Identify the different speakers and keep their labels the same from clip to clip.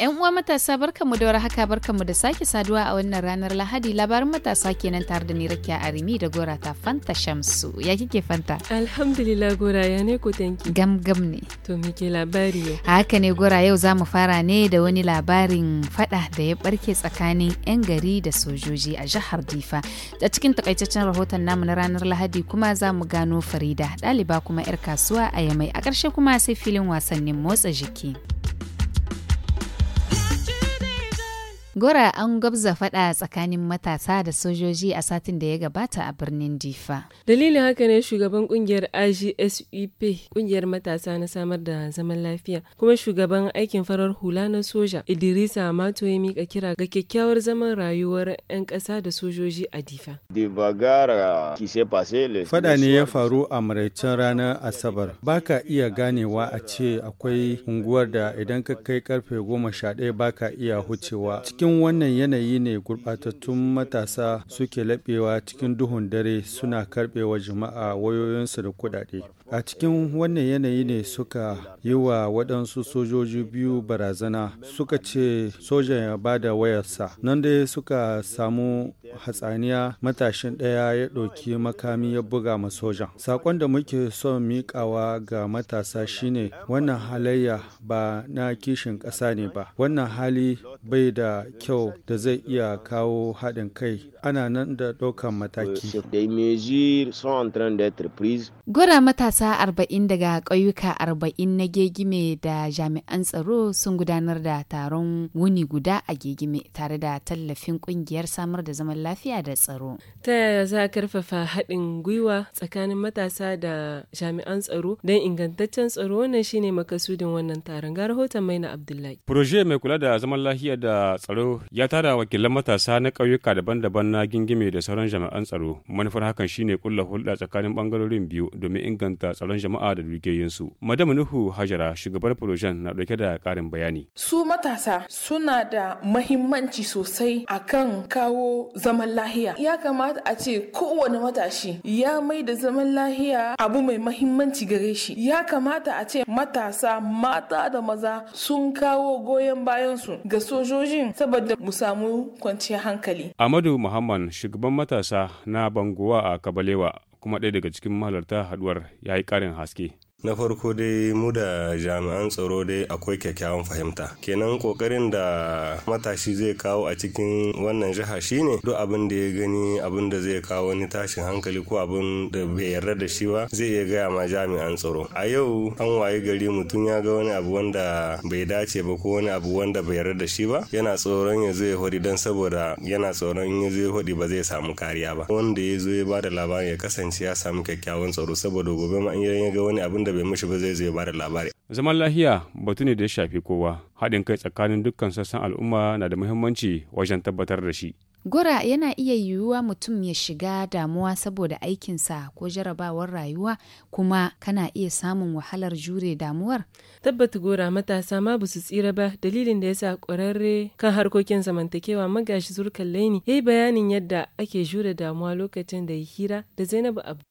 Speaker 1: 'Yan uwa matasa barkanmu da warhaka barkanmu da sake saduwa a wannan ranar Lahadi labarin matasa kenan tare da ni Rakiya Arimi da Gora ta Fanta Shamsu. Ya kike Fanta? Alhamdulillah Gora ya ne ku tanki. Gam ne. To me ke labari yau? Haka ne Gora yau za mu fara ne da wani labarin fada da ya barke tsakanin 'yan gari da sojoji a jihar Difa. A cikin takaitaccen rahoton namu na ranar Lahadi kuma za mu gano Farida, ɗaliba kuma 'yar kasuwa a Yamai. A ƙarshe kuma sai filin wasannin motsa jiki. Gora an gwabza fada tsakanin matasa da sojoji a satin da ya gabata a birnin Difa. Dalilin haka ne shugaban kungiyar AGSUP kungiyar matasa na samar da zaman lafiya kuma shugaban aikin farar hula na soja Idrisa Mato ya mika kira ga kyakkyawar zaman rayuwar 'yan ƙasa da sojoji a Difa.
Speaker 2: Fada ne ya faru a maraicen ranar Asabar. Baka iya ganewa a ce akwai unguwar da idan ka kai karfe goma sha ɗaya baka iya hucewa cikin cikin wannan yanayi ne gurɓatattun matasa suke laɓewa cikin duhun dare suna karɓewa jama'a wayoyinsu da kuɗaɗe a cikin wannan yanayi ne suka yi wa waɗansu sojoji biyu barazana suka ce soja ya ba da wayarsa nan dai suka samu hatsaniya matashin ɗaya ya ɗauki makami ya buga ma sojan saƙon da muke son miƙawa ga matasa shine wannan halayya ba na kishin ƙasa ne ba wannan hali bai da kyau da zai iya kawo haɗin kai ana nan da ɗaukan mataki. Euh,
Speaker 1: Gwada matasa matasa 40 daga ƙauyuka 40 na gegime da jami'an tsaro sun gudanar da taron wuni guda a gegime tare da tallafin ƙungiyar samar da zaman lafiya da tsaro. Ta yaya za a karfafa haɗin gwiwa tsakanin matasa da jami'an tsaro don ingantaccen tsaro wannan shine makasudin wannan taron ga rahoton Maina Abdullahi.
Speaker 3: Proje mai kula da zaman lafiya da tsaro ya tara wakilan matasa na ƙauyuka daban-daban na gingime da sauran jami'an tsaro manufar hakan shine kulla hulɗa tsakanin ɓangarorin biyu domin inganta tsaron jama'a da dukiyoyinsu. Madam Nuhu Hajara shugabar Projan na dauke da karin bayani.
Speaker 2: Su matasa suna da mahimmanci sosai a kan kawo zaman lahiya. Ya kamata a ce kowane matashi ya mai da zaman lahiya abu mai mahimmanci gare shi. Ya kamata a ce matasa mata da maza sun kawo goyon bayansu ga sojojin saboda mu samu kwanciyar hankali.
Speaker 3: Amadu Muhammad shugaban matasa na Banguwa a Kabalewa kuma ɗaya daga cikin mahalarta haduwar ya yi ƙarin haske. na farko dai mu da jami'an tsaro dai akwai kyakkyawan fahimta kenan kokarin da matashi zai kawo a cikin wannan jiha shine duk abin da ya gani abin da zai kawo wani tashin hankali ko abin da bai yarda da shi ba zai iya gaya ma jami'an tsaro a yau an waye gari mutum ya ga wani abu wanda bai dace ba ko wani abu wanda bai yarda da shi ba yana tsoron ya zo ya hodi don saboda yana tsoron ya zo hodi ba zai samu kariya ba wanda ya zo ya ba da labarin ya kasance ya samu kyakkyawan tsaro saboda gobe ma in ya ga wani abin da wanda bai mishi ba zai zai bada labari zaman lahiya batu ne da ya shafi kowa haɗin kai tsakanin dukkan sassan al'umma na da muhimmanci wajen tabbatar da shi
Speaker 1: Gora yana iya yiwuwa mutum ya shiga damuwa saboda aikinsa ko jarabawar rayuwa kuma kana iya samun wahalar jure damuwar? Tabbata gora matasa ma su tsira ba dalilin da ya sa ƙwararre kan harkokin zamantakewa magashi zurkan laini ya yi bayanin yadda ake jure damuwa lokacin da ya hira da Zainabu Abdu.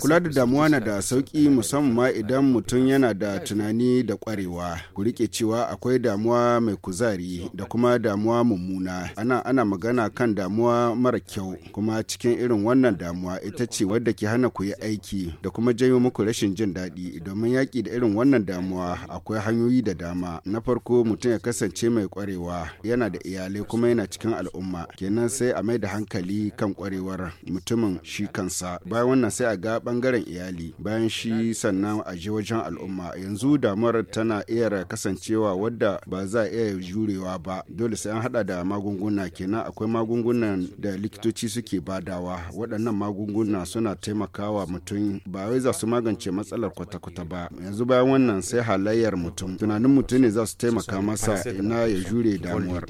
Speaker 3: Kula
Speaker 2: da damuwa na da sauƙi musamman ma idan mutum yana da tunani da ƙwarewa. Ku rike cewa akwai damuwa mai kuzari da kuma damuwa mummuna. Ana ana magana kan damuwa mara kyau kuma cikin irin wannan damuwa ita ce wadda ke hana ku yi aiki da kuma janyo muku rashin jin daɗi domin yaƙi da irin wannan damuwa akwai hanyoyi da dama. Na farko mutum ya kasance mai ƙwarewa yana da iyalai kuma yana cikin al'umma kenan sai a mai da hankali kan ƙwarewar mutumin shi kansa. kansa bayan wannan sai a ga bangaren iyali bayan shi sannan a je wajen al'umma yanzu damuwar tana iya kasancewa wadda ba za a iya jurewa ba dole sai an hada da magunguna kenan akwai magungunan da likitoci suke badawa waɗannan magunguna suna taimakawa mutum ba wai za su magance matsalar kwata-kwata ba yanzu bayan wannan sai halayyar mutum tunanin mutum ne za su taimaka masa ina ya jure damuwar.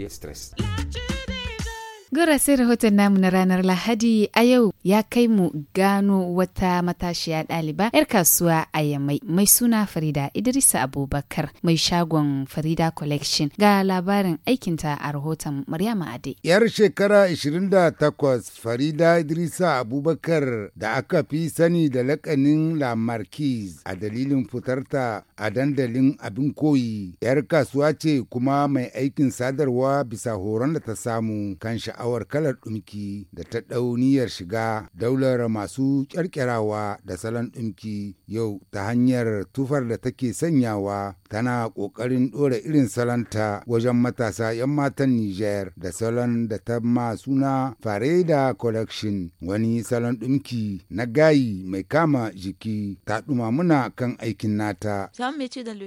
Speaker 1: Gura sai rahoton namu na ranar Lahadi a yau ya kai mu gano wata matashiya ɗaliba 'yar kasuwa a Yamai mai suna Farida Idrisa Abubakar mai shagon Farida Collection ga labarin aikinta a rahoton Maryama Ade.
Speaker 4: 'Yar shekara 28 Farida Idrisa Abubakar da aka fi sani da lakanin La Marquise a dalilin fitarta a dandalin abin koyi 'yar kasuwa ce kuma mai aikin sadarwa bisa horon da ta samu kan sha'awar kalar ɗumki da ta ɗauniyar shiga daular masu kyarkyarawa da salon ɗumki yau ta hanyar tufar da take sanyawa tana ƙoƙarin ɗora irin salonta wajen matasa 'yan matan Nijar da salon da ta ma suna Fareda Collection wani salon ɗumki na gayi mai kama jiki ta ɗuma muna kan aikin nata.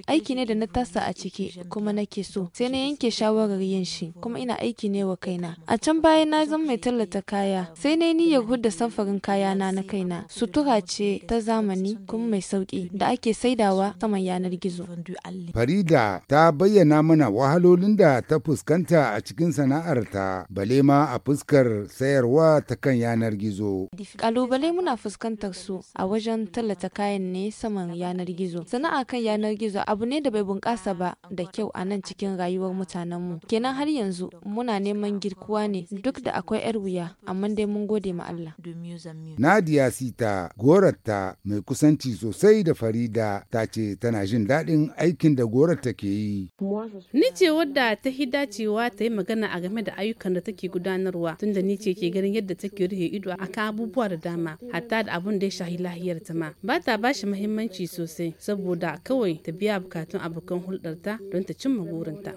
Speaker 1: Aiki ne da na tasa a ciki kuma nake so sai na yanke shawarar yin shi kuma ina aiki ne wa kaina. A can bayan na zama mai tallata kaya, sai na niyyar hudda samfarin kayana na kaina. Sutura ce ta zamani kuma mai sauki da ake saidawa saman yanar gizo.
Speaker 4: Farida ta bayyana mana wahalolin da ta fuskanta a cikin sana'arta, bale ma a fuskar sayarwa ta kan yanar gizo.
Speaker 1: Kalubale muna fuskantar su a wajen tallata kayan ne saman yanar gizo. Sana'a kan yanar gizo abu ne da bai bunƙasa ba da kyau a nan cikin rayuwar mutanenmu. Kenan har yanzu muna neman girkuwa ne duk da akwai 'yar wuya amma dai mun gode ma Allah.
Speaker 4: Nadia Sita gorarta mai kusanci sosai da Farida ta ce tana jin daɗin aikin da gorarta ke yi.
Speaker 1: Ni ce wadda ta hi dacewa ta yi magana a game da ayyukan da take gudanarwa tunda ni ce ke ganin yadda take rufe ido a kan abubuwa da dama hatta da abun da ya shahi lahiyar ta ma. Ba ta ba muhimmanci sosai saboda kawai ta biya bukatun abokan hulɗarta don ta cimma burinta.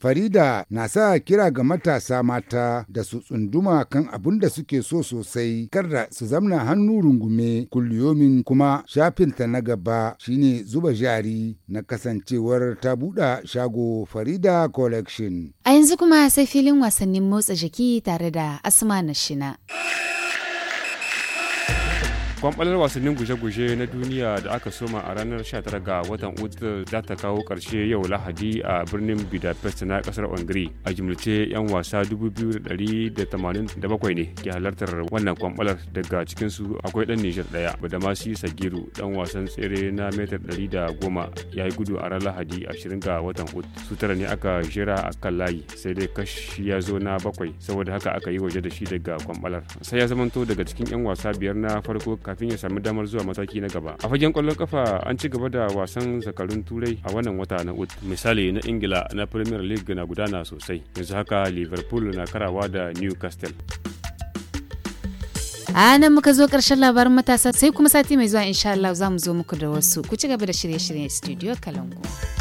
Speaker 4: Farida na sa kira ga matasa mata da su tsunduma kan abin da suke so sosai kar da su zamna hannu rungume kulliyomin kuma shafinta na gaba shine zuba jari na kasancewar ta buɗe shago Farida Collection. A
Speaker 1: yanzu kuma sai filin wasannin motsa jiki tare da Asma na Shina.
Speaker 3: kwamɓalar wasannin guje-guje na duniya da aka soma a ranar 19 ga watan ut za ta kawo ƙarshe yau lahadi a birnin budapest na ƙasar hungary a jimlice 'yan wasa 2,187 ne ke halartar wannan kwamɓalar daga cikinsu akwai dan nijar daya. badamasi sagiru dan wasan tsere na metar 110 ya yi gudu a ran lahadi 20 ga watan ut su tara ne aka jira a kan layi sai dai kashi ya zo na bakwai saboda haka aka yi waje da shi daga kwamɓalar sai ya zamanto daga cikin 'yan wasa biyar na farko kafin ya sami damar zuwa mataki na gaba a fagen kwallon kafa an ci gaba da wasan zakarun turai a wannan wata na ut misali na ingila na premier league na gudana sosai yanzu haka liverpool na karawa da newcastle
Speaker 1: a nan muka zo karshen labarin matasa sai kuma sati mai zuwa insha Allah za mu zo muku da wasu ku ci gaba da shirye-shiryen studio kalangu.